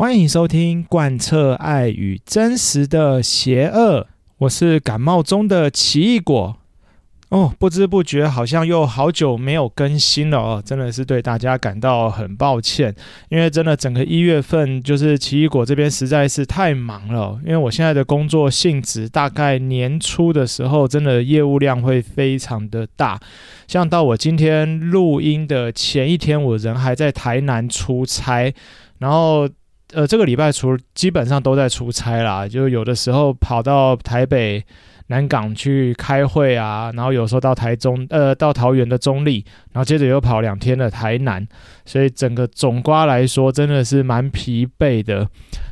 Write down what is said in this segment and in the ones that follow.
歡迎收聽貫徹愛與真實的邪惡，我是感冒中的奇異果。哦，不知不覺好像又好久沒有更新了哦，真的是對大家感到很抱歉，因為真的整個一月份就是奇異果這邊實在是太忙了，因為我現在的工作性質，大概年初的時候真的業務量會非常的大，像到我今天錄音的前一天，我人還在台南出差，然後。呃，這個禮拜除了基本上都在出差啦，就有的時候跑到台北南港去開會啊，然後有時候到台中，呃，到桃園的中壢，然後接着又跑兩天的台南，所以整個總括來說真的是蠻疲憊的。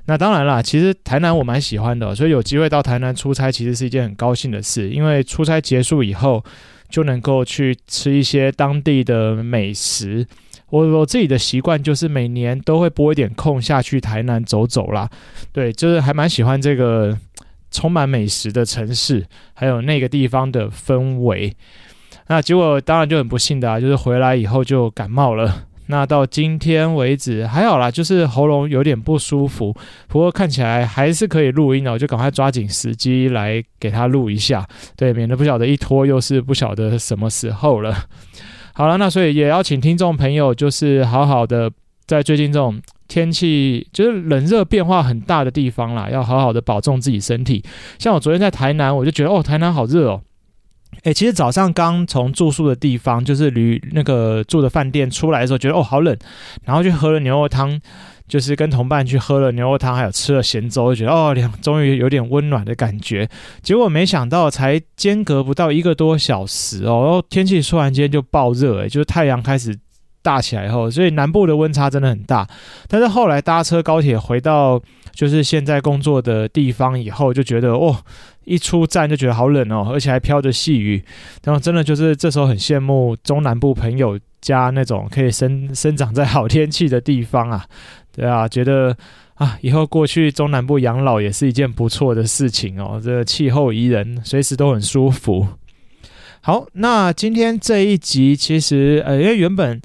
那當然啦，其實台南我蠻喜歡的，所以有機會到台南出差其實是一件很高興的事，因為出差結束以後就能夠去吃一些當地的美食。我我自己的習慣就是每年都會撥一點空下去台南走走啦，對，就是還蠻喜歡這個充滿美食的城市，還有那個地方的氛圍。那結果當然就很不幸的啊，就是回來以後就感冒了。那到今天為止還好啦，就是喉嚨有點不舒服，不過看起來還是可以錄音的，我就趕快抓緊時機來給它錄一下，對，免得不曉得一拖又是不曉得什麼時候了。好了，那所以也要請聽眾朋友，就是好好的在最近這種天氣，就是冷熱變化很大的地方啦，要好好的保重自己身體。像我昨天在台南，我就覺得哦，台南好熱哦。誒、欸，其實早上剛從住宿的地方，就是旅那個住的飯店出來的時候，覺得哦好冷，然後去喝了牛肉湯，就是跟同伴去喝了牛肉湯，還有吃了鹹粥，就覺得哦兩終於有點溫暖的感覺。結果沒想到才間隔不到一個多小時哦，然後天氣突然間就爆熱，哎，就是太陽開始大起來以後，所以南部的溫差真的很大。但是後來搭車高鐵回到就是現在工作的地方以後，就覺得哦。一出站，就覺得好冷哦，而且還飄着細雨，然後真的就是這時候很羨慕中南部朋友家那種可以生生長在好天氣的地方啊，對啊，覺得啊以後過去中南部養老也是一件不錯的事情哦，這個氣候宜人，隨時都很舒服。好，那今天這一集其實呃因為原本。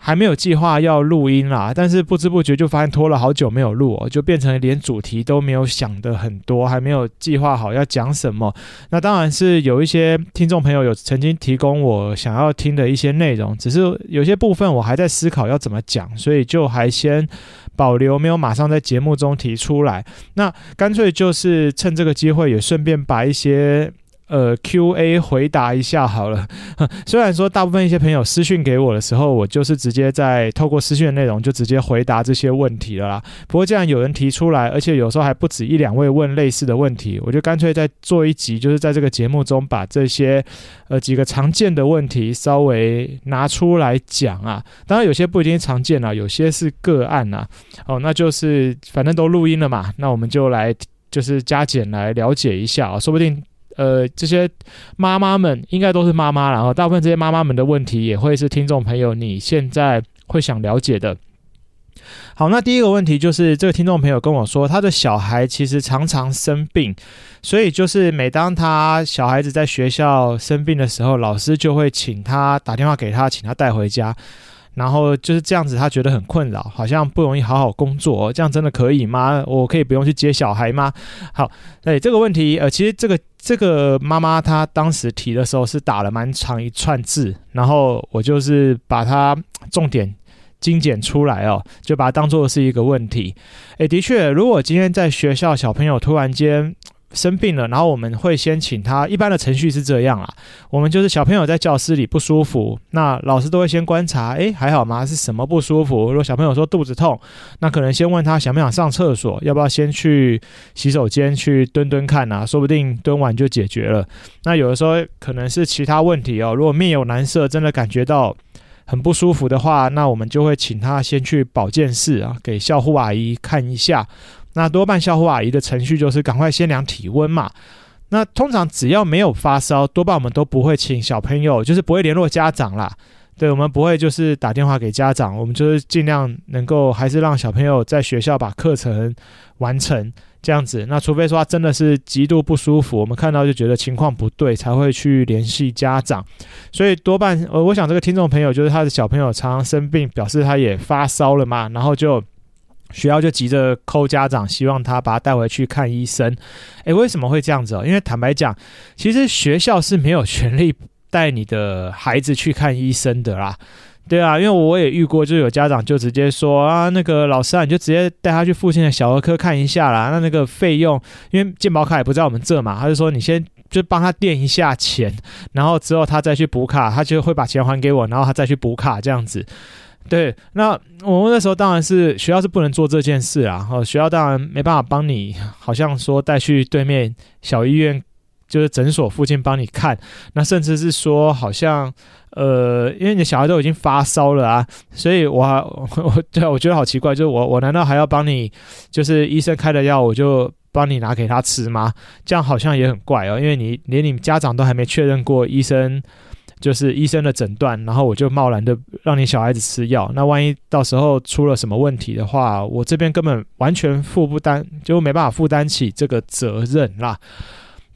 還沒有計劃要錄音啦、啊，但是不知不覺就發現拖了好久沒有錄，哦，就變成連主題都沒有想的很多，還沒有計劃好要講什麼。那當然是有一些聽眾朋友有曾經提供我想要聽的一些內容，只是有些部分我還在思考要怎麼講，所以就還先保留，沒有馬上在節目中提出來。那乾脆就是趁這個機會，也順便把一些。呃，Q&A 回答一下好了呵。雖然說大部分一些朋友私訊給我的時候，我就是直接在透過私訊的內容就直接回答這些問題了啦。不過既然有人提出來，而且有時候還不止一兩位問類似的問題，我就乾脆再做一集，就是在這個節目中把這些呃幾個常見的問題稍微拿出來講啊。當然有些不一定常見啊，有些是個案啊。哦，那就是反正都錄音了嘛，那我們就來就是加減來了解一下啊，說不定。呃，這些媽媽們應該都是媽媽，然後大部分這些媽媽們的問題也會是聽眾朋友你現在會想了解的。好，那第一個問題就是這個聽眾朋友跟我說，他的小孩其實常常生病，所以就是每當他小孩子在學校生病的時候，老師就會請他打電話給他，請他帶回家。然後就是這樣子，他覺得很困擾，好像不容易好好工作，這樣真的可以嗎？我可以不用去接小孩嗎？好，哎，這個問題，呃，其實這個這個媽媽她當時提的時候是打了蠻長一串字，然後我就是把它重點精簡出來哦，就把它當做是一個問題。哎，的確，如果今天在學校小朋友突然間。生病了，然後我們會先請他。一般的程序是這樣啊，我們就是小朋友在教室裡不舒服，那老師都會先觀察，誒，還好嗎？是什麼不舒服？如果小朋友說肚子痛，那可能先問他想不想上廁所，要不要先去洗手間去蹲蹲看啊，說不定蹲完就解決了。那有的時候可能是其他問題哦。如果面有難色，真的感覺到很不舒服的話，那我們就會請他先去保健室啊，給校護阿姨看一下。那多半校護阿姨的程序就是趕快先量體溫嘛。那通常只要沒有發燒，多半我們都不會請小朋友，就是不會聯絡家長啦，對。對，我們不會就是打電話給家長，我們就是盡量能夠還是讓小朋友在學校把課程完成這樣子。那除非說他真的是極度不舒服，我們看到就覺得情況不對，才會去聯繫家長。所以多半，呃，我想這個聽眾朋友就是他的小朋友常常生病，表示他也發燒了嘛，然後就。學校就急着 call 家長，希望他把他帶回去看醫生。誒，為什麼會這樣子？因為坦白講，其實學校是沒有權利帶你的孩子去看醫生的啦。對啊，因為我也遇過，就有家長就直接說啊，那個老師啊，你就直接帶他去附近的小兒科看一下啦。那那個費用，因為健保卡也不在我們這嘛，他就說你先就幫他墊一下錢，然後之後他再去補卡，他就會把錢還給我，然後他再去補卡這樣子。對，那我們那時候當然是學校是不能做這件事啊，然、呃、學校當然沒辦法幫你，好像說帶去對面小醫院，就是診所附近幫你看，那甚至是說好像呃，因為你的小孩都已經發燒了啊，所以我還我對、啊，我覺得好奇怪，就是我我難道還要幫你，就是醫生開的藥，我就幫你拿給他吃嗎？這樣好像也很怪哦，因為你連你們家長都還沒確認過醫生。就是醫生的診斷，然後我就貿然的讓你小孩子吃藥，那萬一到時候出了什麼問題的話，我這邊根本完全負不擔就沒辦法負擔起這個責任啦。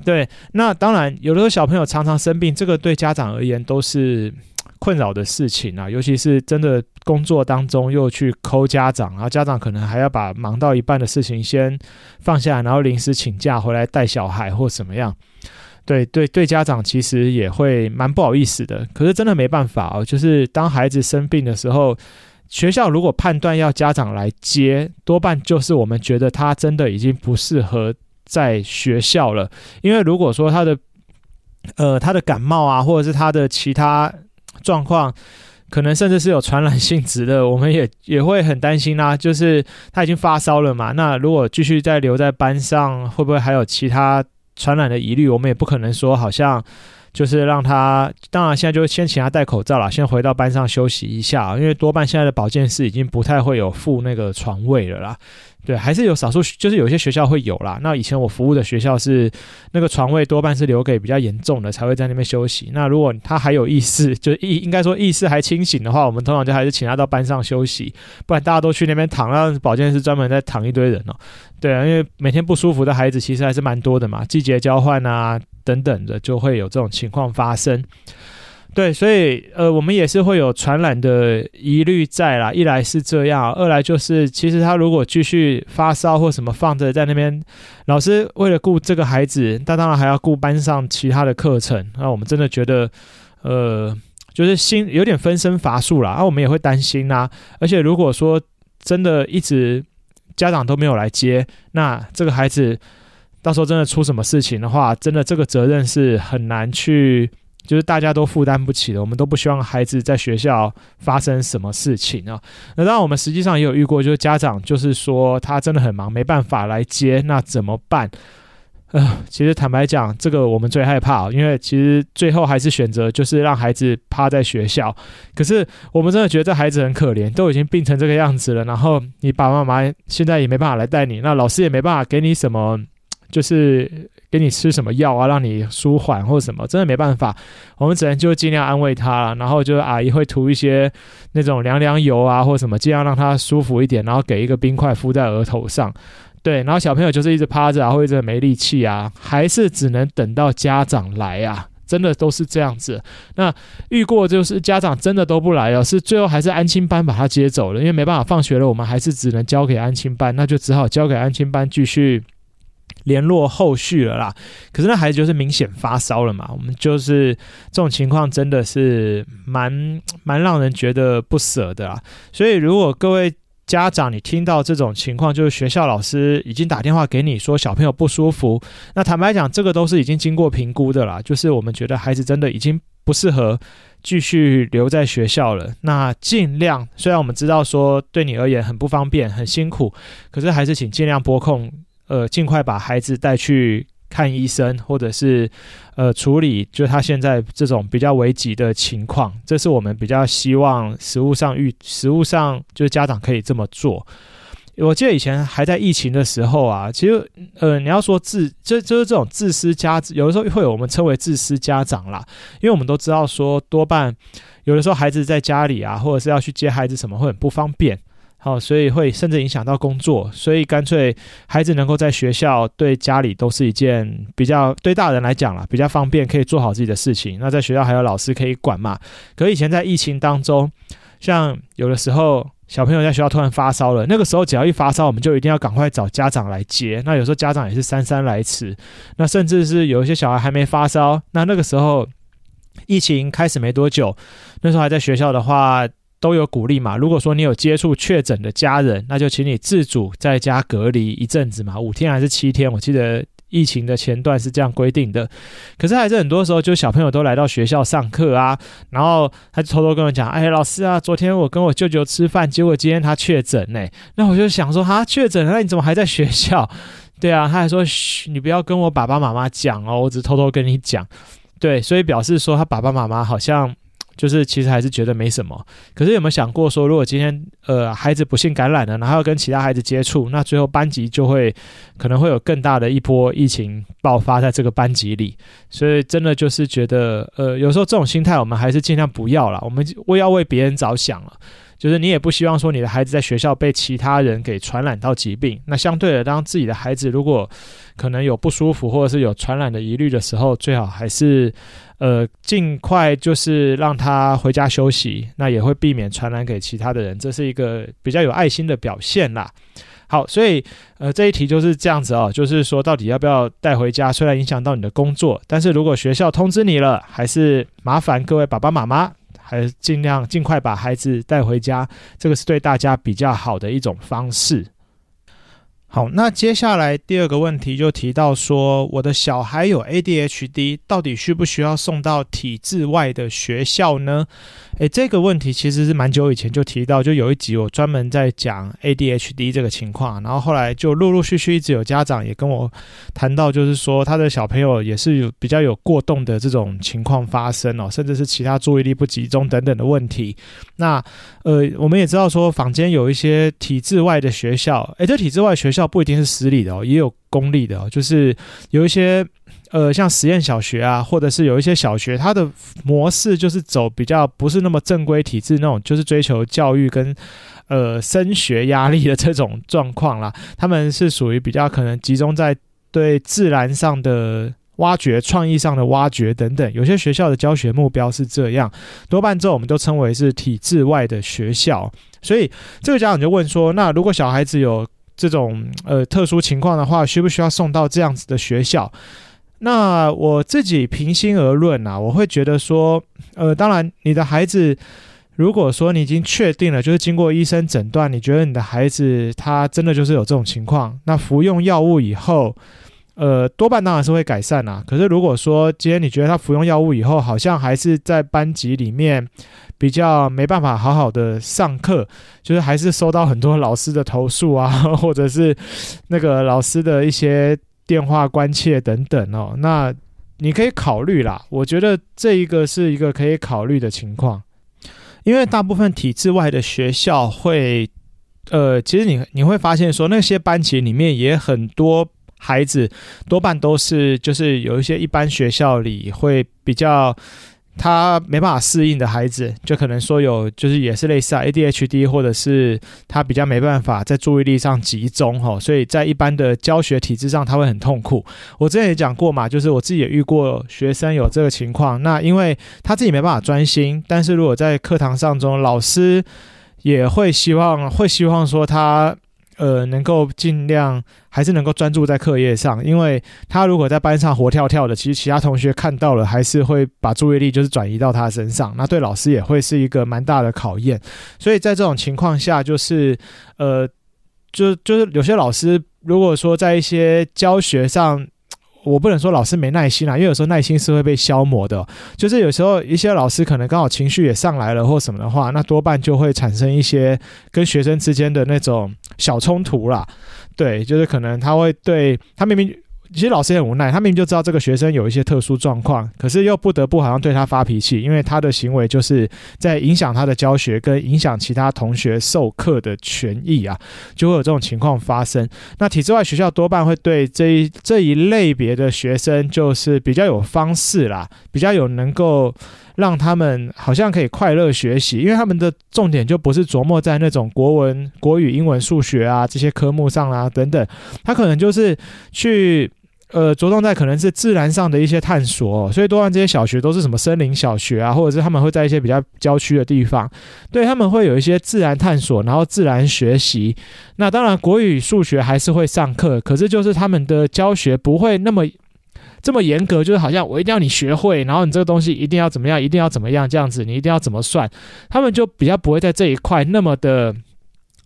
對，那當然，有的時候小朋友常常生病，這個對家長而言都是困擾的事情啊，尤其是真的工作當中又去 call 家長，然後家長可能還要把忙到一半的事情先放下，然後臨時請假回來帶小孩或怎麼樣。對對對，對對家長其實也會蠻不好意思的，可是真的沒辦法哦。就是當孩子生病的時候，學校如果判斷要家長來接，多半就是我們覺得他真的已經不適合在學校了。因為如果說他的，呃，他的感冒啊，或者是他的其他狀況，可能甚至是有傳染性質的，我們也也會很擔心啦、啊。就是他已經發燒了嘛，那如果繼續再留在班上，會不會還有其他？傳染的疑慮，我們也不可能說好像就是讓他，當然現在就先請他戴口罩啦，先回到班上休息一下，因為多半現在的保健室已經不太會有附那個床位了啦。對，還是有少數，就是有些學校會有啦。那以前我服務的學校是，那個床位多半是留給比較嚴重的才會在那邊休息。那如果他還有意識，就意應該說意識還清醒的話，我們通常就還是請他到班上休息，不然大家都去那邊躺，讓保健室專門在躺一堆人哦。對啊，因為每天不舒服的孩子其實還是蠻多的嘛，季節交換啊等等的，就會有這種情況發生。對，所以呃，我們也是會有傳染的疑慮在啦。一來是這樣，二來就是其實他如果繼續發燒或什麼，放着在那邊，老師為了顧這個孩子，他當然還要顧班上其他的課程。那、啊、我們真的覺得，呃，就是心有點分身乏術啦。啊，我們也會擔心啦、啊，而且如果說真的一直家長都沒有來接，那這個孩子到時候真的出什麼事情的話，真的這個責任是很難去。就是大家都負擔不起的，我們都不希望孩子在學校發生什麼事情啊。那當然，我們實際上也有遇過，就是家長就是說他真的很忙，沒辦法來接，那怎麼辦？啊、呃，其實坦白講，這個我們最害怕，因為其實最後還是選擇就是讓孩子趴在學校。可是我們真的覺得這孩子很可憐，都已經病成這個樣子了，然後你爸爸媽媽現在也沒辦法來帶你，那老師也沒辦法給你什麼。就是給你吃什麼藥啊，讓你舒緩或者什麼，真的沒辦法，我們只能就盡量安慰他啊，然後就是阿姨會塗一些那種涼涼油啊，或者什麼，盡量讓他舒服一點。然後給一個冰塊敷在額頭上，對。然後小朋友就是一直趴着啊，或者沒力氣啊，還是只能等到家長來啊，真的都是這樣子。那遇過就是家長真的都不來哦，是最後還是安親班把他接走了，因為沒辦法，放學了我們還是只能交給安親班，那就只好交給安親班繼續聯絡後續了啦，可是那孩子就是明顯發燒了嘛。我們就是這種情況，真的是蠻蠻讓人覺得不捨的啦。所以如果各位家長，你聽到這種情況，就是學校老師已經打電話給你說小朋友不舒服，那坦白講，這個都是已經經過評估的啦，就是我們覺得孩子真的已經不適合繼續留在學校了。那儘量，雖然我們知道說對你而言很不方便、很辛苦，可是還是請儘量撥空，呃，盡快把孩子帶去看醫生，或者是呃處理，就他現在這種比較危急的情況，這是我們比較希望實務上遇實務上，上就是家長可以這麼做。我記得以前還在疫情的時候啊，其實呃，你要說自，就就是這種自私家，有的時候會有我們稱為自私家長啦，因為我們都知道說，多半有的時候孩子在家裡啊，或者是要去接孩子什麼，會很不方便。好、哦，所以會甚至影響到工作，所以乾脆孩子能夠在學校，對家裡都是一件比較對大人來講啦比較方便，可以做好自己的事情。那在學校還有老師可以管嘛？可是以前在疫情當中，像有的時候小朋友在學校突然發燒了，那個時候只要一發燒，我們就一定要趕快找家長來接。那有時候家長也是姍姍來遲，那甚至是有一些小孩還沒發燒，那那個時候疫情開始沒多久，那時候還在學校的話。都有鼓勵嘛？如果說你有接觸確診的家人，那就請你自主在家隔離一陣子嘛，五天還是七天？我記得疫情的前段是這樣規定的。可是還是很多時候，就小朋友都來到學校上課啊，然後他就偷偷跟我講：“哎，老師啊，昨天我跟我舅舅吃飯，結果今天他確診呢、欸。”那我就想說：“啊，確診了，那你怎麼還在學校？”對啊，他還說：“噓，你不要跟我爸爸媽媽講哦，我只偷偷跟你講。”對，所以表示說他爸爸媽媽好像。就是其實還是覺得沒什麼，可是有沒有想過說，如果今天呃孩子不幸感染了，然後要跟其他孩子接觸，那最後班級就會可能會有更大的一波疫情爆發在這個班級裡，所以真的就是覺得呃有時候這種心態我們還是儘量不要啦，我們為要為別人着想了。就是你也不希望說你的孩子在學校被其他人給傳染到疾病。那相對的，當自己的孩子如果可能有不舒服或者是有傳染的疑慮的時候，最好還是呃盡快就是讓他回家休息。那也會避免傳染給其他的人，這是一個比較有愛心的表現啦。好，所以呃這一題就是這樣子哦，就是說到底要不要帶回家？雖然影響到你的工作，但是如果學校通知你了，還是麻煩各位爸爸媽媽，還是盡量盡快把孩子帶回家，這個是對大家比較好的一種方式。好，那接下來第二個問題就提到說，我的小孩有 ADHD，到底需不需要送到體制外的學校呢？誒，這個問題其實是蠻久以前就提到，就有一集我專門在講 ADHD 這個情況，然後後來就陸陸續續一直有家長也跟我談到，就是說他的小朋友也是有比較有過動的這種情況發生哦，甚至是其他注意力不集中等等的問題。那呃，我們也知道說，坊間有一些體制外的學校，誒，這體制外學校。不一定是私立的哦，也有公立的哦。就是有一些呃，像實驗小學啊，或者是有一些小學，它的模式就是走比較不是那麼正規體制那種，就是追求教育跟呃升學壓力的這種狀況啦。他們是屬於比較可能集中在對自然上的挖掘、創意上的挖掘等等。有些學校的教學目標是這樣，多半之後我們都稱為是體制外的學校。所以這個家長就問說：“那如果小孩子有？”這種呃特殊情況的話，需不需要送到這樣子的學校？那我自己平心而論啊，我會覺得說，呃，當然你的孩子，如果說你已經確定了，就是經過醫生診斷，你覺得你的孩子他真的就是有這種情況，那服用藥物以後，呃，多半當然是會改善啦、啊。可是如果說今天你覺得他服用藥物以後，好像還是在班級裡面比較沒辦法好好的上課，就是還是收到很多老師的投訴啊，或者是那個老師的一些電話關切等等哦，那你可以考慮啦。我覺得這一個是一個可以考慮的情況，因為大部分體制外的學校會，呃，其實你你會發現說那些班級裡面也很多。孩子多半都是，就是有一些一般學校裡會比較他沒辦法適應的孩子，就可能說有，就是也是類似啊，ADHD 或者是他比較沒辦法在注意力上集中，哦，所以在一般的教學體制上他會很痛苦。我之前也講過嘛，就是我自己也遇過學生有這個情況，那因為他自己沒辦法專心，但是如果在課堂上中，老師也會希望會希望說他。呃，能夠盡量還是能夠專注在課業上，因為他如果在班上活跳跳的，其實其他同學看到了，還是會把注意力就是轉移到他身上，那對老師也會是一個蠻大的考驗。所以在這種情況下，就是呃，就就是有些老師如果說在一些教學上。我不能說老師沒耐心啦、啊，因為有時候耐心是會被消磨的。就是有時候一些老師可能剛好情緒也上來了或什麼的話，那多半就會產生一些跟學生之間的那種小衝突啦。對，就是可能他會對，他明明。其實老師也很無奈，他明明就知道這個學生有一些特殊狀況，可是又不得不好像對他發脾氣，因為他的行為就是在影響他的教學跟影響其他同學授課的權益啊，就會有這種情況發生。那體制外學校多半會對這一這一類別的學生就是比較有方式啦，比較有能夠讓他們好像可以快樂學習，因為他們的重點就不是琢磨在那種國文、國語、英文、數學啊這些科目上啦、啊、等等，他可能就是去。呃，着重在可能是自然上的一些探索，哦，所以多半這些小學都是什麼森林小學啊，或者是他們會在一些比較郊區的地方，對他們會有一些自然探索，然後自然學習。那當然，國語、數學還是會上課，可是就是他們的教學不會那麼這麼嚴格，就是好像我一定要你學會，然後你這個東西一定要怎麼樣，一定要怎麼樣這樣子，你一定要怎麼算，他們就比較不會在這一塊那麼的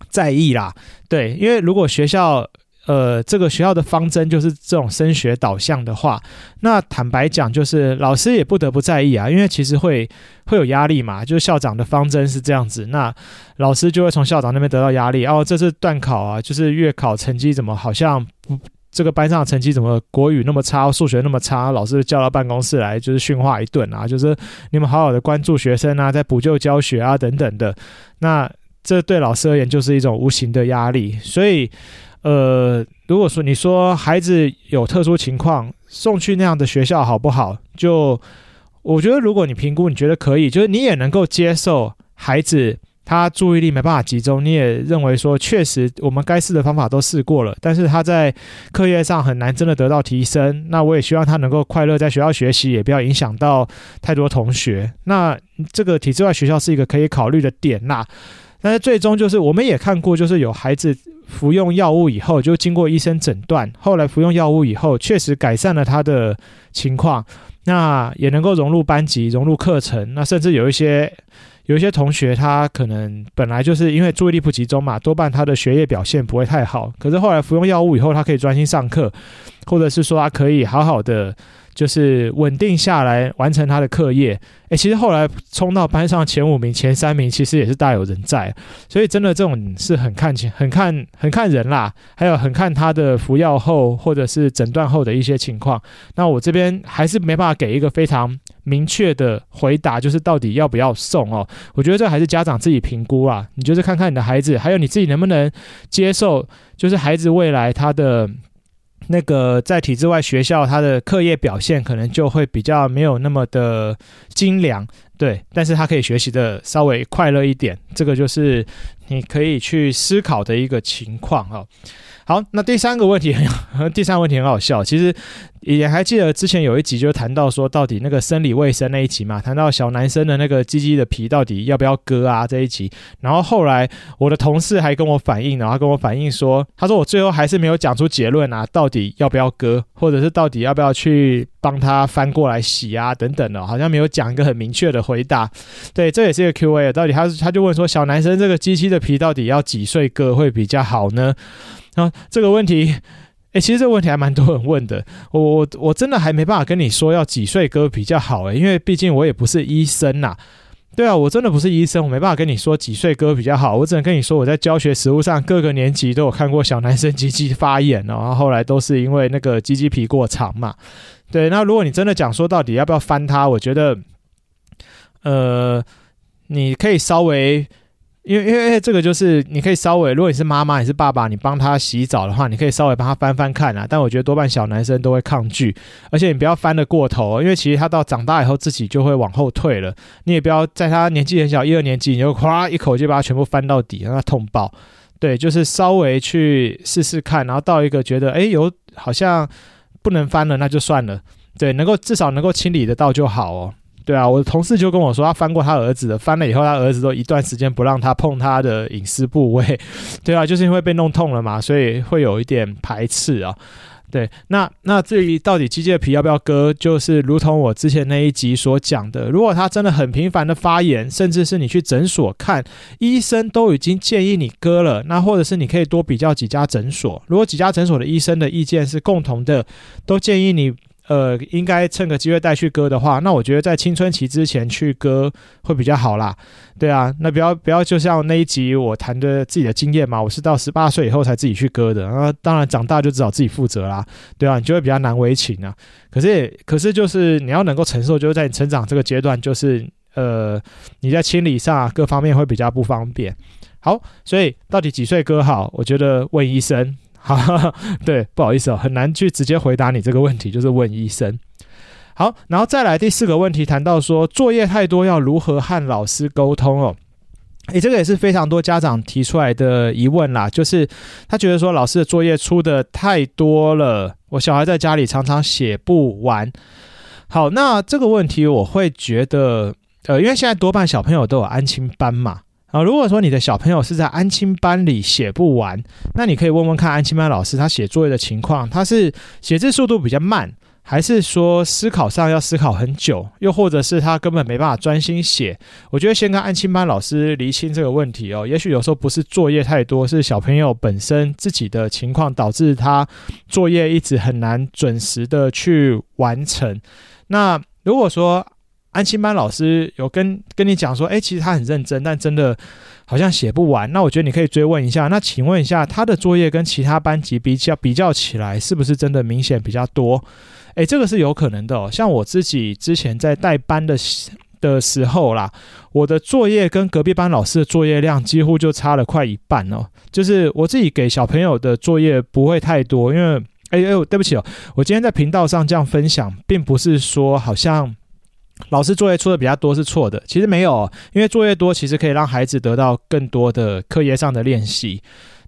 在意啦。對，因為如果學校。呃，這個學校的方針就是這種升學導向的話，那坦白講，就是老師也不得不在意啊，因為其實會會有壓力嘛。就是校長的方針是這樣子，那老師就會從校長那邊得到壓力。哦，這次段考啊，就是月考成績怎麼好像不，這個班上的成績怎麼國語那麼差，數學那麼差，老師就叫到辦公室來就是訓話一頓啊，就是你們好好的關注學生啊，在補救教學啊等等的。那這對老師而言就是一種無形的壓力，所以。呃，如果說你說孩子有特殊情況送去那樣的學校好不好？就我覺得，如果你評估你覺得可以，就是你也能夠接受孩子他注意力沒辦法集中，你也認為說確實我們該試的方法都試過了，但是他在課業上很難真的得到提升。那我也希望他能夠快樂在學校學習，也不要影響到太多同學。那這個體制外學校是一個可以考慮的點吶、啊。但是最終就是我們也看過，就是有孩子。服用藥物以後，就經過醫生診斷。後來服用藥物以後，確實改善了他的情況，那也能夠融入班級、融入課程。那甚至有一些有一些同學，他可能本來就是因為注意力不集中嘛，多半他的學業表現不會太好。可是後來服用藥物以後，他可以專心上課，或者是說他可以好好的。就是穩定下來，完成他的課業。誒，其實後來衝到班上前五名，前三名，其實也是大有人在。所以真的這種是很看情，很看，很看人啦，還有很看他的服藥後或者是診斷後的一些情況。那我這邊還是沒辦法給一個非常明確的回答，就是到底要不要送哦？我覺得這還是家長自己評估啊。你就是看看你的孩子，還有你自己能不能接受，就是孩子未來他的。那個在體制外學校，他的課業表現可能就會比較沒有那麼的精良，對，但是他可以學習的稍微快樂一點，這個就是你可以去思考的一個情況啊、哦。好，那第三個問題很好，第三個問題很好笑。其實也還記得之前有一集就談到說，到底那個生理衛生那一集嘛，談到小男生的那個雞雞的皮到底要不要割啊這一集。然後後來我的同事還跟我反映，然後他跟我反映說，他說我最後還是沒有講出結論啊，到底要不要割，或者是到底要不要去幫他翻過來洗啊等等的，好像沒有講一個很明確的回答。對，這也是一個 Q&A，到底他他就問說，小男生這個雞雞的皮到底要幾歲割會比較好呢？那這個問題，誒，其實這個問題還蠻多人問的。我我真的還沒辦法跟你說要幾歲割比較好誒，因為畢竟我也不是醫生吶啊。對啊，我真的不是醫生，我沒辦法跟你說幾歲割比較好。我只能跟你說，我在教學實務上各個年級都有看過小男生雞雞發炎，然後後來都是因為那個雞雞皮過長嘛。對，那如果你真的講說到底要不要翻他，我覺得，呃，你可以稍微。因為因為因為這個就是你可以稍微，如果你是媽媽，你是爸爸，你幫他洗澡的話，你可以稍微幫他翻翻看啦、啊。但我覺得多半小男生都會抗拒，而且你不要翻得過頭、哦，因為其實他到長大以後自己就會往後退了。你也不要在他年紀很小，一二年級你就嘩一口氣把他全部翻到底，讓他痛爆。對，就是稍微去試試看，然後到一個覺得哎有好像不能翻了，那就算了。對，能夠至少能夠清理得到就好哦。對啊，我的同事就跟我說，他翻過他兒子的，翻了以後，他兒子都一段時間不讓他碰他的隱私部位。對啊，就是因為被弄痛了嘛，所以會有一點排斥啊。對，那那至於到底雞雞皮要不要割，就是如同我之前那一集所講的，如果他真的很頻繁的發炎，甚至是你去診所看醫生都已經建議你割了，那或者是你可以多比較幾家診所，如果幾家診所的醫生的意見是共同的，都建議你。呃，應該趁個機會帶去割的話，那我覺得在青春期之前去割會比較好啦，對啊，那不要不要，就像那一集我談的自己的經驗嘛，我是到十八歲以後才自己去割的，啊，當然長大就只好自己負責啦，對啊，你就會比較難為情啊。可是可是，就是你要能夠承受，就是在你成長這個階段，就是呃，你在心理上各方面會比較不方便。好，所以到底幾歲割好？我覺得問醫生。好， 對，不好意思哦，很難去直接回答你這個問題，就是問醫生。好，然後再來第四個問題，談到說作業太多要如何和老師溝通哦。誒，這個也是非常多家長提出來的疑問啦，就是他覺得說老師的作業出的太多了，我小孩在家裡常常寫不完。好，那這個問題我會覺得，呃，因為現在多半小朋友都有安親班嘛。啊，如果說你的小朋友是在安親班裡寫不完，那你可以問問看安親班老師他寫作業的情況，他是寫字速度比較慢，還是說思考上要思考很久，又或者是他根本沒辦法專心寫？我覺得先跟安親班老師釐清這個問題哦，也許有時候不是作業太多，是小朋友本身自己的情況導致他作業一直很難準時的去完成。那如果說，安親班老師有跟跟你講說，欸，其實他很認真，但真的好像寫不完。那我覺得你可以追問一下，那請問一下他的作業跟其他班級比較比較起來，是不是真的明顯比較多？欸，這個是有可能的哦。像我自己之前在帶班的的時候啦，我的作業跟隔壁班老師的作業量幾乎就差了快一半哦。就是我自己給小朋友的作業不會太多，因為欸，欸，對不起哦，我今天在頻道上這樣分享，並不是說好像。老師作業出的比較多是錯的，其實沒有，因為作業多其實可以讓孩子得到更多的課業上的練習。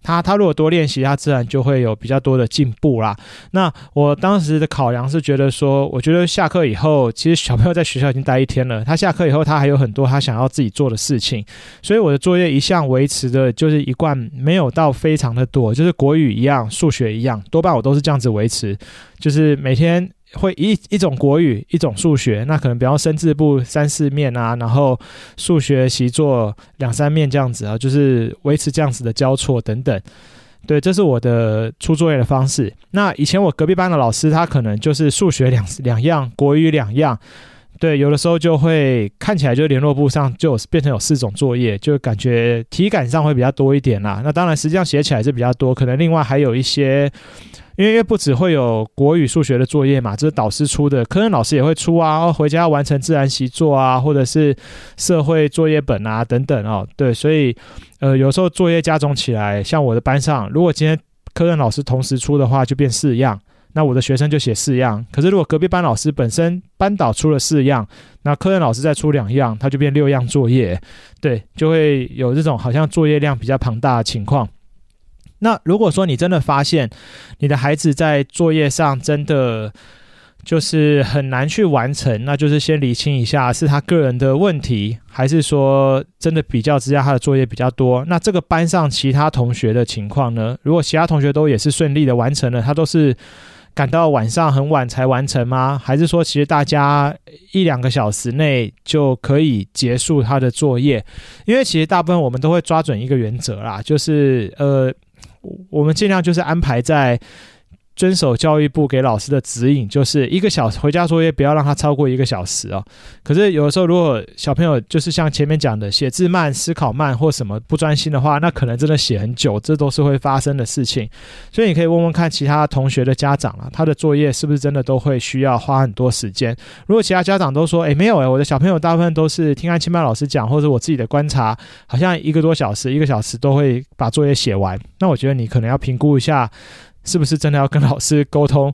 他他如果多練習，他自然就會有比較多的進步啦。那我當時的考量是覺得說，我覺得下課以後，其實小朋友在學校已經待一天了，他下課以後他還有很多他想要自己做的事情，所以我的作業一向維持的就是一貫沒有到非常的多，就是國語一樣，數學一樣，多半我都是這樣子維持，就是每天。會一一種國語，一種數學，那可能比方生字簿三四面啊，然後數學習作兩三面這樣子啊，就是維持這樣子的交錯等等。對，這是我的出作業的方式。那以前我隔壁班的老師，他可能就是數學兩兩樣，國語兩樣。對，有的時候就會看起來就聯絡簿上就變成有四種作業，就感覺體感上會比較多一點啦、啊。那當然，實際上寫起來是比較多，可能另外還有一些。因為不只會有國語、數學的作業嘛，這、就是導師出的，科任老師也會出啊。然後回家完成自然習作啊，或者是社會作業本啊等等啊、哦。對，所以呃有時候作業加總起來，像我的班上，如果今天科任老師同時出的話，就變四樣，那我的學生就寫四樣。可是如果隔壁班老師本身班導出了四樣，那科任老師再出兩樣，他就變六樣作業。對，就會有這種好像作業量比較龐大的情況。那如果說你真的發現你的孩子在作業上真的就是很難去完成，那就是先理清一下是他個人的問題，還是說真的比較之下他的作業比較多？那這個班上其他同學的情況呢？如果其他同學都也是順利的完成了，他都是趕到晚上很晚才完成嗎？還是說其實大家一兩個小時內就可以結束他的作業？因為其實大部分我們都會抓準一個原則啦，就是呃。我們盡量就是安排在。遵守教育部給老師的指引，就是一個小時回家作業，不要讓他超過一個小時哦，可是有的時候，如果小朋友就是像前面講的，寫字慢、思考慢或什麼不專心的話，那可能真的寫很久，這都是會發生的事情。所以你可以問問看其他同學的家長啊，他的作業是不是真的都會需要花很多時間？如果其他家長都說：“誒，沒有誒，我的小朋友大部分都是聽安親班老師講，或者我自己的觀察，好像一個多小時、一個小時都會把作業寫完。”那我覺得你可能要評估一下。是不是真的要跟老師溝通？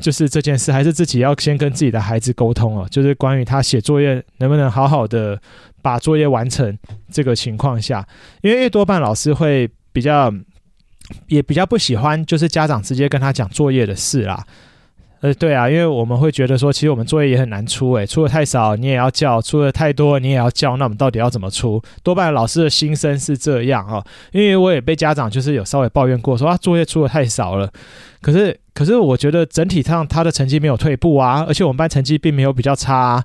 就是這件事，還是自己要先跟自己的孩子溝通哦、啊？就是關於他寫作業能不能好好的把作業完成這個情況下，因為多半老師會比較，也比較不喜歡，就是家長直接跟他講作業的事啦。呃，對啊，因為我們會覺得說，其實我們作業也很難出誒，出的太少你也要叫，出的太多你也要叫，那我們到底要怎麼出？多半老師的心聲是這樣哦。因為我也被家長就是有稍微抱怨過說，說啊作業出的太少了，可是可是我覺得整體上他的成績沒有退步啊，而且我們班成績並沒有比較差啊，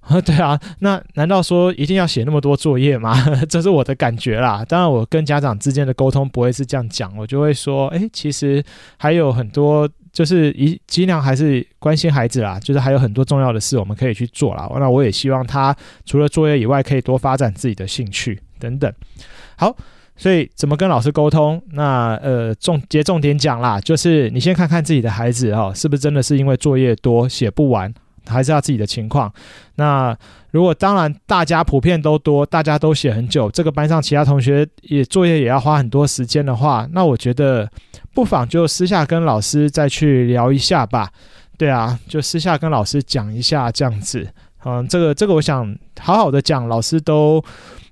啊對啊，那難道說一定要寫那麼多作業嗎？這是我的感覺啦。當然，我跟家長之間的溝通不會是這樣講，我就會說，誒，其實還有很多。就是一盡量還是關心孩子啦，就是還有很多重要的事我們可以去做啦。那我也希望他除了作業以外，可以多發展自己的興趣等等。好，所以怎麼跟老師溝通？那呃，直接重點講啦，就是你先看看自己的孩子哦，是不是真的是因為作業多寫不完，還是要自己的情況？那如果當然大家普遍都多，大家都寫很久，這個班上其他同學也作業也要花很多時間的話，那我覺得。不妨就私下跟老師再去聊一下吧，對啊，就私下跟老師講一下這樣子，嗯，這個這個我想好好的講，老師都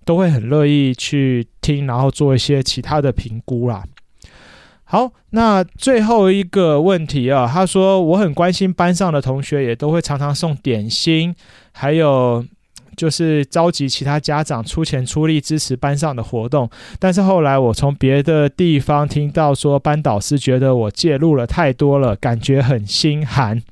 都會很樂意去聽，然後做一些其他的評估啦。好，那最後一個問題啊，他說，我很關心班上的同學，也都會常常送點心，還有。就是召集其他家長出錢出力支持班上的活動，但是後來我從別的地方聽到說，班導師覺得我介入了太多了，感覺很心寒。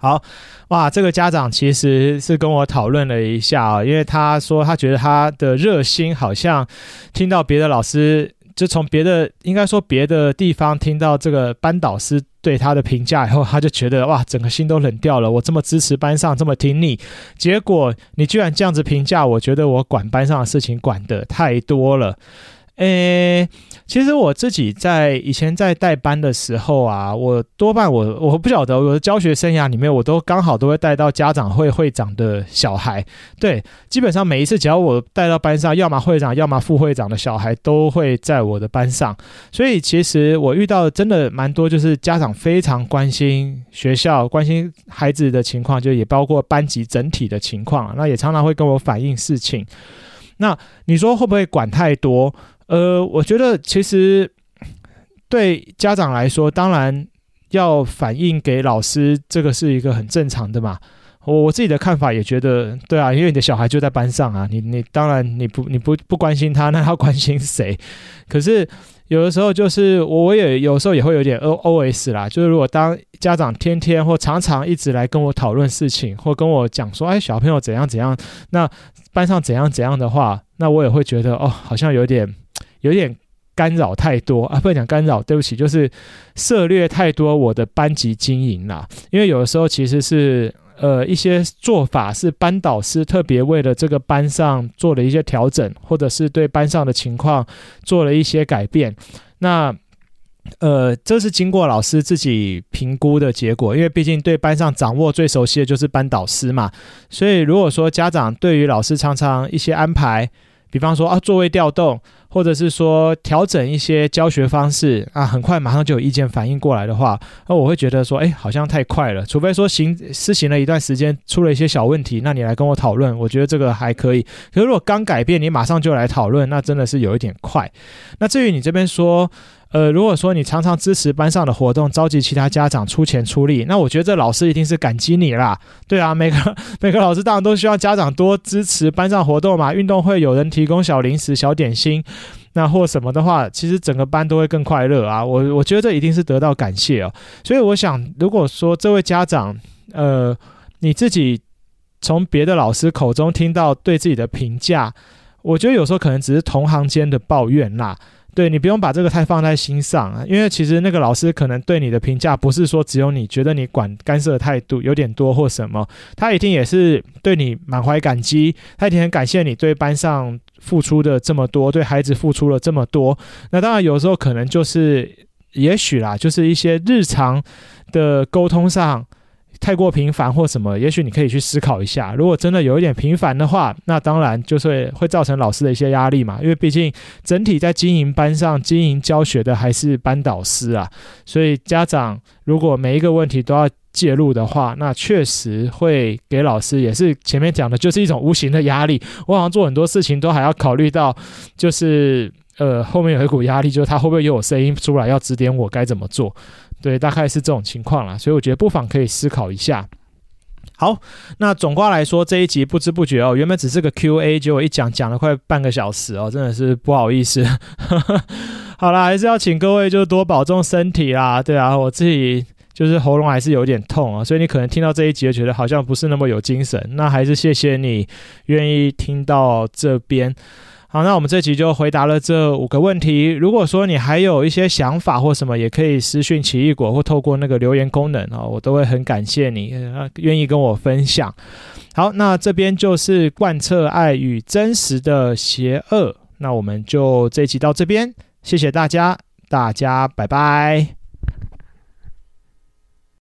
好，哇，這個家長其實是跟我討論了一下啊、哦，因為他說他覺得他的熱心好像聽到別的老師，就從別的應該說別的地方聽到這個班導師。對他的評價以後，他就覺得哇，整個心都冷掉了。我這麼支持班上，這麼聽你，結果你居然這樣子評價我，覺得我管班上的事情管得太多了。誒，其實我自己在以前在帶班的時候啊，我多半我我不曉得我的教學生涯裡面，我都剛好都會帶到家長會會長的小孩，對，基本上每一次只要我帶到班上，要麼會長，要麼副會長的小孩都會在我的班上，所以其實我遇到的真的蠻多，就是家長非常關心學校、關心孩子的情況，就也包括班級整體的情況啊，那也常常會跟我反映事情。那你說會不會管太多？呃，我覺得其實對家長來說，當然要反映給老師，這個是一個很正常的嘛。我我自己的看法也覺得，對啊，因為你的小孩就在班上啊，你你當然你不你不不關心他，那他關心誰？可是有的時候就是我也有時候也會有點 O O S 啦，就是如果當家長天天或常常一直來跟我討論事情，或跟我講說，哎，小朋友怎樣怎樣，那班上怎樣怎樣的話，那我也會覺得哦，好像有點。有點干擾太多啊，不能講干擾，對不起，就是涉獵太多我的班級經營啦、啊。因為有的時候其實是呃一些做法是班導師特別為了這個班上做了一些調整，或者是對班上的情況做了一些改變。那呃這是經過老師自己評估的結果，因為畢竟對班上掌握最熟悉的就是班導師嘛。所以如果說家長對於老師常常一些安排，比方說啊，座位調動，或者是說調整一些教學方式啊，很快馬上就有意見反應過來的話，那、啊、我會覺得說，哎，好像太快了。除非說行施行了一段時間，出了一些小問題，那你來跟我討論，我覺得這個還可以。可是如果剛改變，你馬上就來討論，那真的是有一點快。那至於你這邊說。呃，如果說你常常支持班上的活動，召集其他家長出錢出力，那我覺得這老師一定是感激你啦。對啊，每個每個老師當然都希望家長多支持班上活動嘛。運動會有人提供小零食、小點心，那或什麼的話，其實整個班都會更快樂啊。我我覺得這一定是得到感謝哦。所以我想，如果說這位家長，呃，你自己從別的老師口中聽到對自己的評價，我覺得有時候可能只是同行間的抱怨啦。對，你不用把這個太放在心上啊，因為其實那個老師可能對你的評價不是說只有你覺得你管干涉的態度有點多或什麼，他一定也是對你滿懷感激，他一定很感謝你對班上付出的這麼多，對孩子付出了這麼多。那當然有時候可能就是也許啦，就是一些日常的溝通上。太過頻繁或什麼，也許你可以去思考一下。如果真的有一點頻繁的話，那當然就是會造成老師的一些壓力嘛。因為畢竟整體在經營班上、經營教學的還是班導師啊，所以家長如果每一個問題都要介入的話，那確實會給老師，也是前面講的，就是一種無形的壓力。我好像做很多事情都還要考慮到，就是。呃，後面有一股壓力，就是他會不會有聲音出來要指點我該怎麼做？對，大概是這種情況啦。所以我覺得不妨可以思考一下。好，那總括來說，這一集不知不覺哦，原本只是個 Q&A，結果我一講講了快半個小時哦，真的是不好意思。 好啦，還是要請各位就多保重身體啦。對啊，我自己就是喉嚨還是有點痛啊，所以你可能聽到這一集就覺得好像不是那麼有精神。那還是謝謝你願意聽到這邊。好，那我們這集就回答了這五個問題。如果說你還有一些想法或什麼，也可以私訊奇異果，或透過那個留言功能啊、哦，我都會很感謝你願意跟我分享。好，那這邊就是貫徹愛與真實的邪惡。那我們就這集到這邊，謝謝大家，大家拜拜。